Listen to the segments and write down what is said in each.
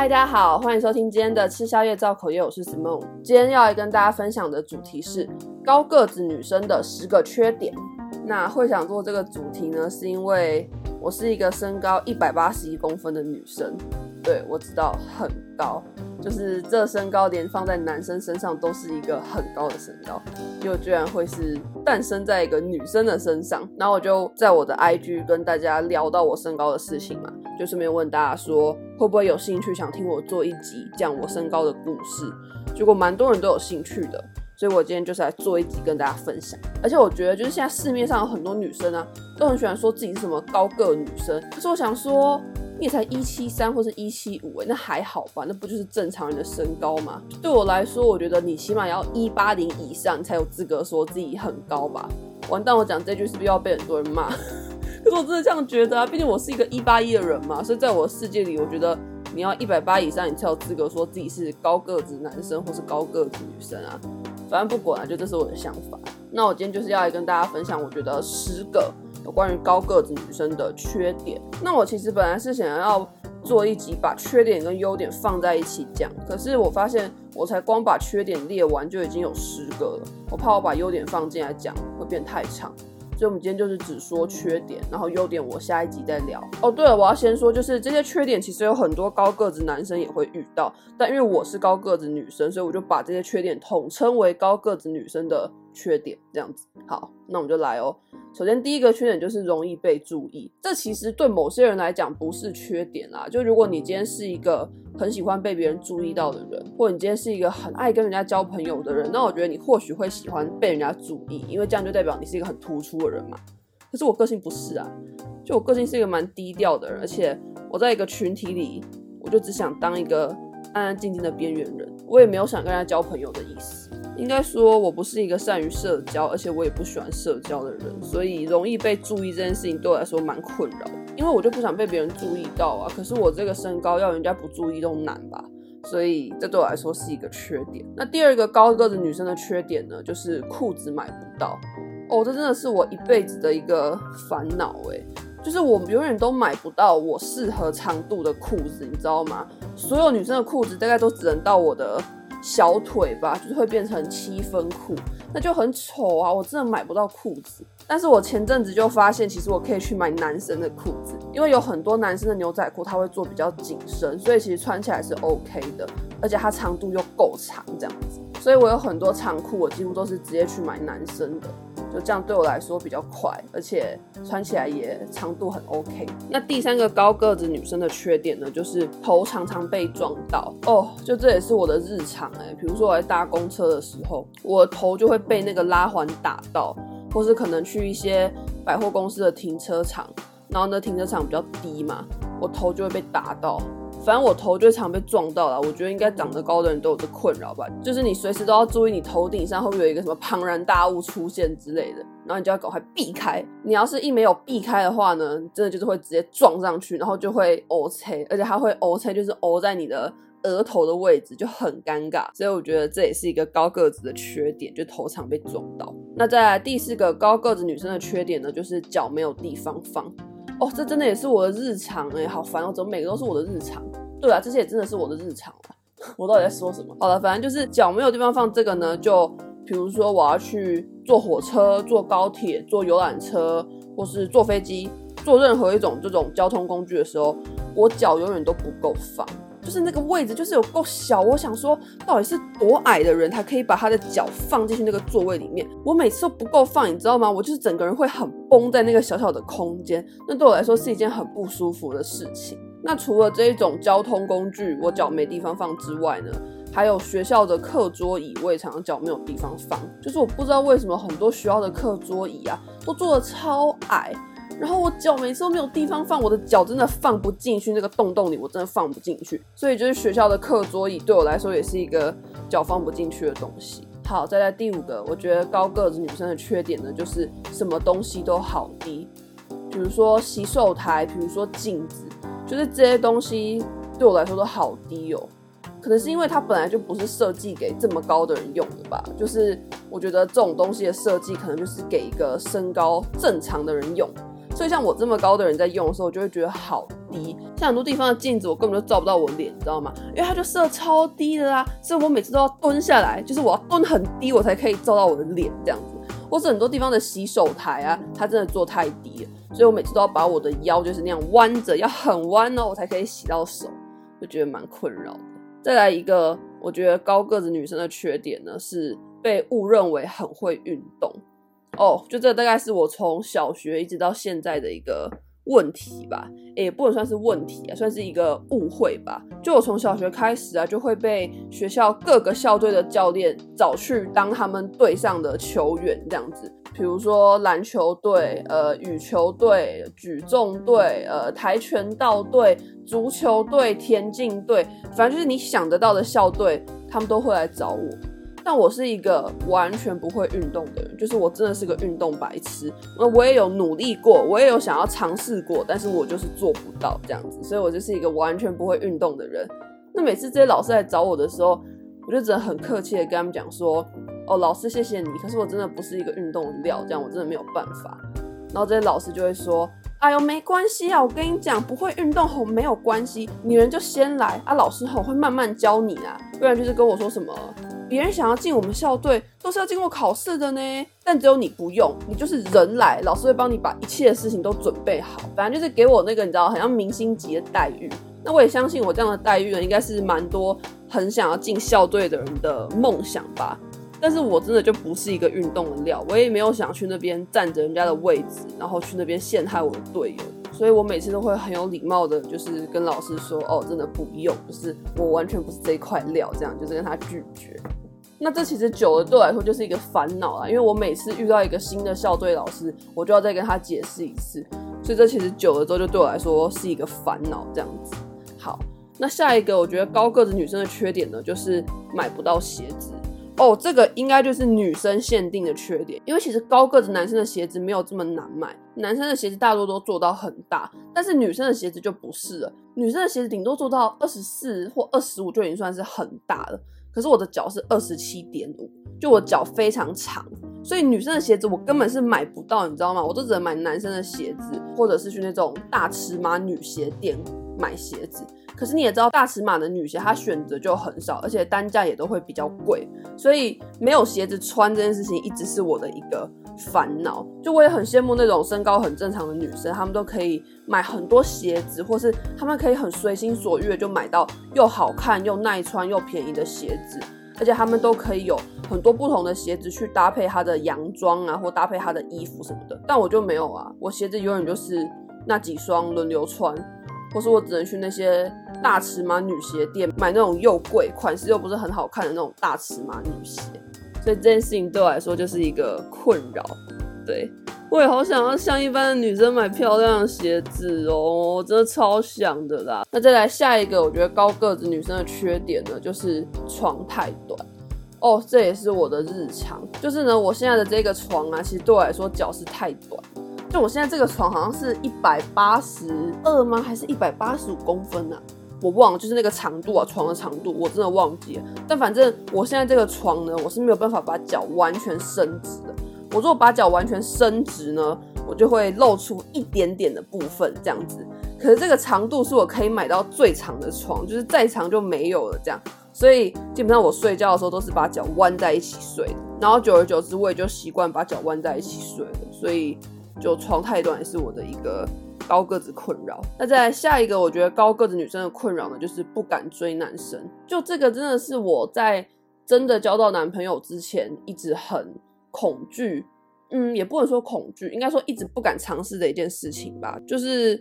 嗨，大家好，歡迎收聽今天的吃宵夜造口業，我是子夢。今天要來跟大家分享的主題是高個子女生的十個缺點。那會想做這個主題呢，是因為我是一個身高一百八十一公分的女生，對，我知道很高，就是這身高連放在男生身上都是一個很高的身高，又居然會是誕生在一個女生的身上，然後我就在我的 IG 跟大家聊到我身高的事情嘛。就是沒有問大家說會不會有興趣想聽我做一集講我身高的故事，結果蠻多人都有興趣的，所以我今天就是來做一集跟大家分享。而且我覺得就是現在市面上有很多女生啊，都很喜歡說自己是什麼高個女生，可是我想說，你也才一七三或是一七五誒，那還好吧，那不就是正常人的身高嗎？對我來說，我覺得你起碼要一八零以上才有資格說自己很高吧。完蛋，我講這句是不是要被很多人罵？可是我真的這樣覺得啊，畢竟我是一個一八一的人嘛，所以在我的世界裡，我覺得你要一百八以上，你才有資格說自己是高個子男生或是高個子女生啊。反正不管了啊，就這是我的想法。那我今天就是要來跟大家分享，我覺得十個有關於高個子女生的缺點。那我其實本來是想要做一集把缺點跟優點放在一起講，可是我發現我才光把缺點列完就已經有十個了，我怕我把優點放進來講會變太長。所以，我們今天就是只說缺點，然後優點我下一集再聊。哦，對了，我要先說，就是這些缺點其實有很多高個子男生也會遇到，但因為我是高個子女生，所以我就把這些缺點統稱為高個子女生的缺點。這樣子，好，那我們就來哦。首先，第一個缺點就是容易被注意。這其實對某些人來講不是缺點啦。就如果你今天是一個很喜歡被別人注意到的人，或者你今天是一個很愛跟人家交朋友的人，那我覺得你或許會喜歡被人家注意，因為這樣就代表你是一個很突出的人嘛。可是我個性不是啊，就我個性是一個蠻低調的人，而且我在一個群體裡，我就只想當一個。安安靜靜的邊緣人，我也沒有想跟他交朋友的意思。應該說我不是一個善於社交，而且我也不喜歡社交的人，所以容易被注意這件事情對我來說蠻困擾，因為我就不想被別人注意到啊。可是我這個身高要人家不注意都難吧，所以這對我來說是一個缺點。那第二個高個子女生的缺點呢，就是褲子買不到。哦，這真的是我一輩子的一個煩惱誒。就是我永遠都買不到我適合長度的褲子，你知道嗎？所有女生的褲子大概都只能到我的小腿吧，就是會變成七分褲，那就很醜啊！我真的買不到褲子。但是我前陣子就發現，其實我可以去買男生的褲子，因為有很多男生的牛仔褲他會做比較緊身，所以其實穿起來是 OK 的，而且它長度又夠長，這樣子。所以我有很多長褲，我幾乎都是直接去買男生的。就這樣對我來說比較快，而且穿起來也長度很 OK。那第三個高個子女生的缺點呢，就是頭常常被撞到哦，oh, 就這也是我的日常誒，欸，比如說我在搭公車的時候，我的頭就會被那個拉環打到，或是可能去一些百貨公司的停車場，然後呢停車場比較低嘛，我頭就會被打到。反正我頭就常被撞到啦，我覺得應該長得高的人都有這困擾吧，就是你隨時都要注意你頭頂上會不會有一個什麼龐然大物出現之類的，然後你就要趕快避開。你要是一沒有避開的話呢，真的就是會直接撞上去，然後就會 O C，而且它會 O C，就是 O 在你的額頭的位置，就很尷尬。所以我覺得這也是一個高個子的缺點，就頭常被撞到。那再來第四個高個子女生的缺點呢，就是腳沒有地方放。哦，這真的也是我的日常哎、欸，好煩哦。怎麼每個都是我的日常？對啊，這些也真的是我的日常。 我到底在說什麼？好了，反正就是腳沒有地方放。這個呢，就比如說我要去坐火車、坐高鐵、坐遊覽車，或是坐飛機、坐任何一種這種交通工具的時候，我腳永遠都不夠放。就是那個位置，就是有夠小。我想說，到底是多矮的人才可以把他的腳放進去那個座位裡面？我每次都不夠放，你知道嗎？我就是整個人會很繃在那個小小的空間，那對我來說是一件很不舒服的事情。那除了這一種交通工具，我腳沒地方放之外呢，還有學校的課桌椅，我也常常腳沒有地方放。就是我不知道為什麼很多學校的課桌椅啊，都做的超矮。然後我腳每次都沒有地方放，我的腳真的放不進去那個洞洞裡，我真的放不進去。所以就是學校的課桌椅對我來說也是一個腳放不進去的東西。好，再來第五個，我覺得高個子女生的缺點呢，就是什麼東西都好低，比如說洗手台，比如說鏡子，就是這些東西對我來說都好低哦。可能是因為它本來就不是設計給這麼高的人用的吧。就是我覺得這種東西的設計可能就是給一個身高正常的人用。所以像我這麼高的人在用的時候，我就會覺得好低。像很多地方的鏡子，我根本就照不到我臉，你知道嗎？因為它就設超低的啦，所以我每次都要蹲下來，就是我要蹲很低，我才可以照到我的臉這樣子。或是很多地方的洗手台啊，它真的做太低了，所以我每次都要把我的腰就是那樣彎着，要很彎哦，我才可以洗到手，就覺得蠻困擾的。再來一個，我覺得高個子女生的缺點呢，是被誤認為很會運動。哦，oh, 就這大概是我從小學一直到現在的一個問題吧，也、欸、不能算是問題啊，算是一個誤會吧。就我從小學開始啊，就會被學校各個校隊的教練找去當他們隊上的球員，這樣子。比如說籃球隊、呃羽球隊、舉重隊、呃跆拳道隊、足球隊、田徑隊，反正就是你想得到的校隊，他們都會來找我。但我是一個完全不會運動的人，就是我真的是個運動白痴。那我也有努力過，我也有想要嘗試過，但是我就是做不到這樣子，所以我就是一個完全不會運動的人。那每次這些老師來找我的時候，我就只能很客氣的跟他們講說：“哦，老師謝謝你，可是我真的不是一個運動料，這樣我真的沒有辦法。”然後這些老師就會說。哎呦，沒關係啊！我跟你講，不會運動吼、哦、沒有關係，女人就先來啊！老師吼、哦、會慢慢教你啊。不然就是跟我說什麼，別人想要進我們校隊都是要經過考試的呢，但只有你不用，你就是人來，老師會幫你把一切的事情都準備好，反正就是給我那個你知道，很像明星級的待遇。那我也相信，我這樣的待遇呢，應該是蠻多很想要進校隊的人的夢想吧。但是我真的就不是一個運動的料，我也沒有想去那邊佔着人家的位置，然後去那邊陷害我的隊友，所以我每次都會很有禮貌的，就是跟老師說，哦，真的不用，不是我完全不是這一塊料，這樣就是跟他拒絕。那這其實久了對我來說就是一個煩惱啊，因為我每次遇到一個新的校隊老師，我就要再跟他解釋一次，所以這其實久了之後就對我來說是一個煩惱，這樣子。好，那下一個我覺得高個子女生的缺點呢，就是買不到鞋子。哦，這個應該就是女生限定的缺點，因為其實高個子男生的鞋子沒有這麼難買，男生的鞋子大多都做到很大，但是女生的鞋子就不是了，女生的鞋子頂多做到二十四或二十五就已經算是很大了，可是我的腳是二十七點五，就我腳非常長，所以女生的鞋子我根本是買不到，你知道嗎？我都只能買男生的鞋子，或者是去那種大尺碼女鞋店買鞋子。可是你也知道，大尺碼的女鞋它選擇就很少，而且單價也都會比較貴，所以沒有鞋子穿這件事情一直是我的一個煩惱。就我也很羨慕那種身高很正常的女生，她們都可以買很多鞋子，或是她們可以很隨心所欲就買到又好看又耐穿又便宜的鞋子，而且她們都可以有很多不同的鞋子去搭配她的洋裝啊，或搭配她的衣服什麼的。但我就沒有啊，我鞋子永遠就是那幾雙輪流穿。或是我只能去那些大尺碼女鞋店買那種又貴、款式又不是很好看的那種大尺碼女鞋，所以這件事情對我來說就是一個困擾。對，我也好想要像一般的女生買漂亮的鞋子哦，我真的超想的啦。那再來下一個，我覺得高個子女生的缺點呢，就是床太短。哦、oh，這也是我的日常，就是呢，我現在的這個床啊，其實對我來說腳是太短。就我現在這個床好像是一百八十二嗎？還是一百八十五公分呢啊？我忘了，就是那個長度啊，床的長度，我真的忘記了。但反正我現在這個床呢，我是沒有辦法把腳完全伸直的。我如果把腳完全伸直呢，我就會露出一點點的部分這樣子。可是這個長度是我可以買到最長的床，就是再長就沒有了這樣。所以基本上我睡覺的時候都是把腳彎在一起睡的，然後久而久之我也就習慣把腳彎在一起睡了，所以。就床太短也是我的一個高個子困擾。那再來下一個，我覺得高個子女生的困擾呢，就是不敢追男生。就這個真的是我在真的交到男朋友之前，一直很恐懼。嗯，也不能說恐懼，應該說一直不敢嘗試的一件事情吧。就是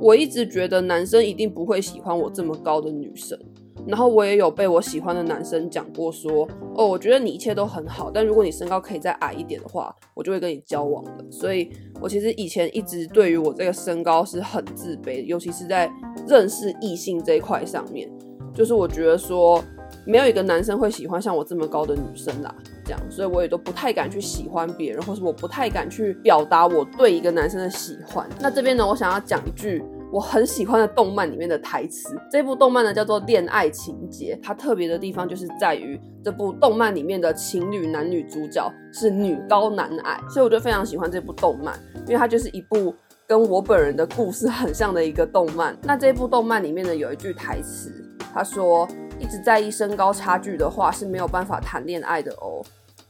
我一直覺得男生一定不會喜歡我這麼高的女生。然後我也有被我喜歡的男生講過說，說哦，我覺得你一切都很好，但如果你身高可以再矮一點的話，我就會跟你交往的。所以，我其實以前一直對於我這個身高是很自卑的，尤其是在認識異性這一塊上面，就是我覺得說沒有一個男生會喜歡像我這麼高的女生啦，這樣，所以我也都不太敢去喜歡別人，或是我不太敢去表達我對一個男生的喜歡。那這邊呢，我想要講一句。我很喜歡的動漫裡面的台詞，這部動漫呢叫做《戀愛情結》，它特別的地方就是在於這部動漫裡面的情侶男女主角是女高男矮，所以我就非常喜歡這部動漫，因為它就是一部跟我本人的故事很像的一個動漫。那這部動漫裡面呢有一句台詞，他說：“一直在意身高差距的話是沒有辦法談戀愛的哦。”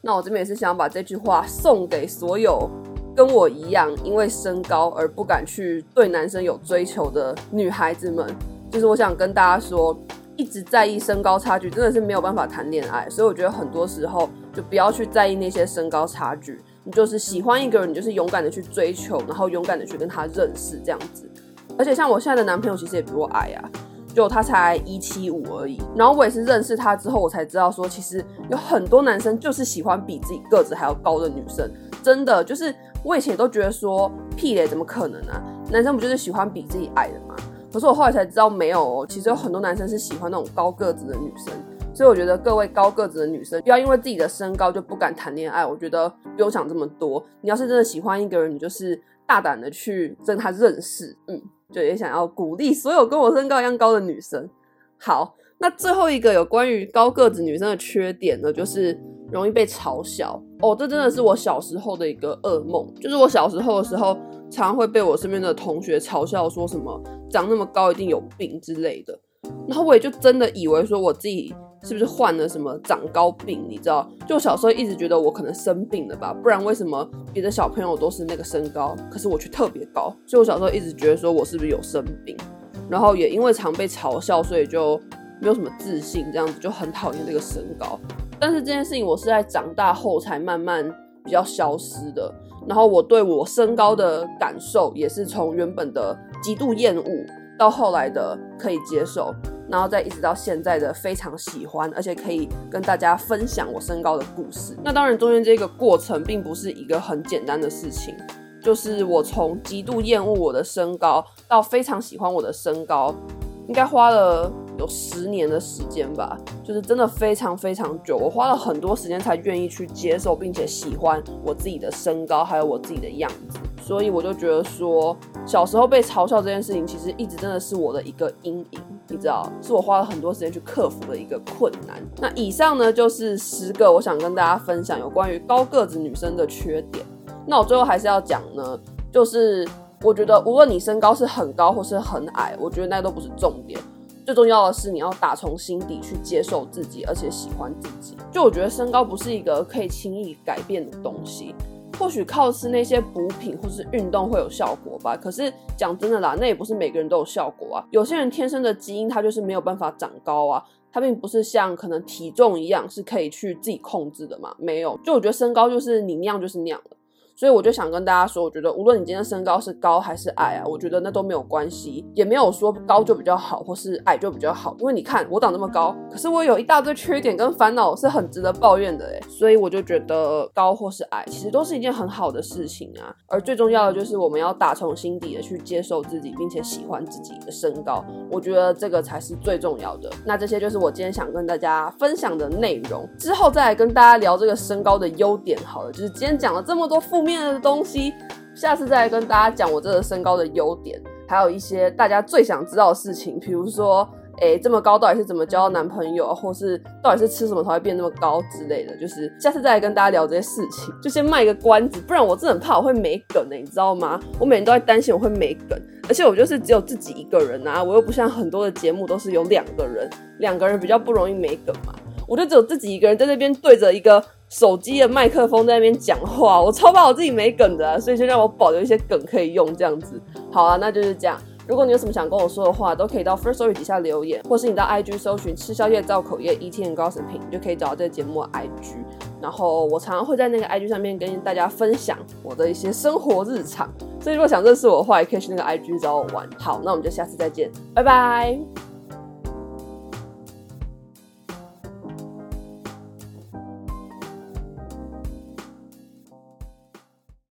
那我這邊也是想把這句話送給所有。跟我一樣，因為身高而不敢去對男生有追求的女孩子們，就是我想跟大家說，一直在意身高差距，真的是沒有辦法談戀愛。所以我覺得很多時候就不要去在意那些身高差距。你就是喜歡一個人，你就是勇敢的去追求，然後勇敢的去跟他認識這樣子。而且像我現在的男朋友其實也比我矮啊，就他才一七五而已。然後我也是認識他之後，我才知道說，其實有很多男生就是喜歡比自己個子還要高的女生，真的就是。我以前也都覺得說屁咧，怎麼可能呢？啊？男生不就是喜歡比自己矮的嗎？可是我後來才知道沒有哦，其實有很多男生是喜歡那種高個子的女生。所以我覺得各位高個子的女生，不要因為自己的身高就不敢談戀愛。我覺得不用想這麼多，你要是真的喜歡一個人，你就是大膽的去跟他認識。嗯，就也想要鼓勵所有跟我身高一樣高的女生。好，那最後一個有關於高個子女生的缺點呢，就是。容易被嘲笑哦，這真的是我小時候的一個噩夢。就是我小時候的時候，常會被我身邊的同學嘲笑，說什麼長那麼高一定有病之類的。然後我也就真的以為說我自己是不是患了什麼長高病，你知道？就我小時候一直覺得我可能生病了吧，不然為什麼別的小朋友都是那個身高，可是我卻特別高？所以我小時候一直覺得說我是不是有生病，然後也因為常被嘲笑，所以就。沒有什麼自信，這樣子就很討厭這個身高。但是這件事情我是在長大後才慢慢比較消失的。然後我對我身高的感受也是從原本的極度厭惡到後來的可以接受，然後再一直到現在的非常喜歡，而且可以跟大家分享我身高的故事。那當然，中間這個過程並不是一個很簡單的事情，就是我從極度厭惡我的身高到非常喜歡我的身高，應該花了。有十年的時間吧，就是真的非常非常久。我花了很多時間才願意去接受，並且喜歡我自己的身高，還有我自己的樣子。所以我就覺得說，小時候被嘲笑這件事情，其實一直真的是我的一個陰影，你知道，是我花了很多時間去克服的一個困難。那以上呢，就是十個我想跟大家分享有關於高個子女生的缺點。那我最後還是要講呢，就是我覺得無論你身高是很高，或是很矮，我覺得那都不是重點。最重要的是，你要打從心底去接受自己，而且喜歡自己。就我覺得，身高不是一個可以輕易改變的東西。或許靠吃那些補品或是運動會有效果吧。可是講真的啦，那也不是每個人都有效果啊。有些人天生的基因，他就是沒有辦法長高啊。他並不是像可能體重一樣是可以去自己控制的嘛。沒有，就我覺得身高就是你那樣就是那樣的。所以我就想跟大家說，我覺得無論你今天的身高是高還是矮啊，我覺得那都沒有關係，也沒有說高就比較好，或是矮就比較好，因為你看我長這麼高，可是我有一大堆缺點跟煩惱是很值得抱怨的誒、欸，所以我就覺得高或是矮其實都是一件很好的事情啊，而最重要的就是我們要打從心底的去接受自己，並且喜歡自己的身高，我覺得這個才是最重要的。那這些就是我今天想跟大家分享的內容，之後再來跟大家聊這個身高的優點好了，就是今天講了這麼多負面。面的東西，下次再來跟大家講我這個身高的優點，還有一些大家最想知道的事情，比如說，誒、欸，這麼高到底是怎麼交到男朋友，或是到底是吃什麼才會變那麼高之類的，就是下次再來跟大家聊這些事情，就先賣個關子，不然我真的很怕我會沒梗呢、欸，你知道嗎？我每天都在擔心我會沒梗，而且我就是只有自己一個人啊，我又不像很多的節目都是有兩個人，兩個人比較不容易沒梗嘛。我就只有自己一個人在那邊對着一個手機的麥克風在那邊講話，我超怕我自己沒梗的啊，所以就讓我保留一些梗可以用這樣子。好啊，那就是這樣。如果你有什麼想跟我說的話，都可以到 Firstory 底下留言，或是你到 IG 搜尋吃宵夜造口業 Eating and Gossiping，你就可以找到這個節目的 IG。然後我常常會在那個 IG 上面跟大家分享我的一些生活日常，所以如果想認識我的話，也可以去那個 IG 找我玩。好，那我們就下次再見，拜拜。